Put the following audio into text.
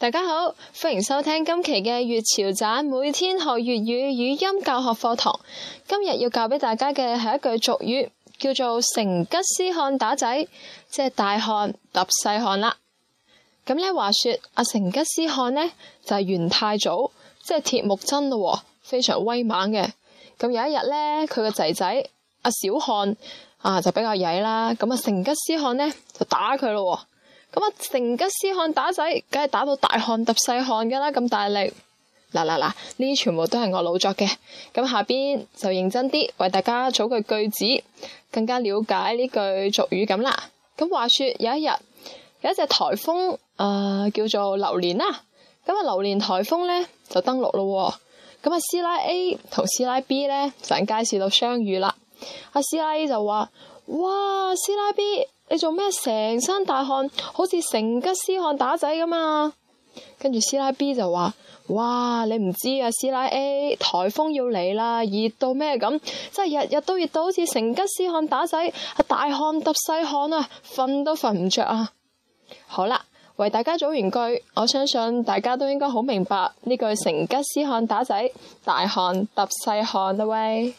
大家好，歡迎收聽今期嘅粵潮盞，每天學粵語語音教學課堂。今日要教俾大家嘅係一句俗語，叫做成吉思汗打仔，即係大汗揼細汗啦。咁呢，話說，阿成吉思汗呢，就係元太祖，即係鐵木真咯，非常威猛嘅。咁有一日呢，佢個仔仔阿小汗。啊，就比較曳啦。咁啊，成吉思汗呢就打佢咯、哦。咁啊，成吉思汗打仔，梗係打到大汗揼細汗噶啦，咁大力嗱嗱嗱。呢、啊、啲、啊、全部都係我老作嘅。咁下邊就認真啲為大家組句句子，更加了解呢句俗語咁啦。咁話說有一日有一隻台風啊、呃，叫做榴蓮啦。咁啊，榴蓮台風呢就登陸咯、哦。咁啊，師奶 A 同師奶 B 呢就喺街市度相遇啦。阿師奶 A 就話，哇，師奶 B 你做咩成身大汗，好似成吉思汗打仔咁啊？跟住師奶 B 就話，哇，你唔知啊，師奶 A 台風要嚟啦，熱到咩咁？真係日日都熱到好似成吉思汗打仔，啊大汗揼細汗啊，瞓都瞓唔着啊。好啦，為大家組完句，我相信大家都應該好明白呢句、這個、成吉思汗打仔，大汗揼細汗啦喂。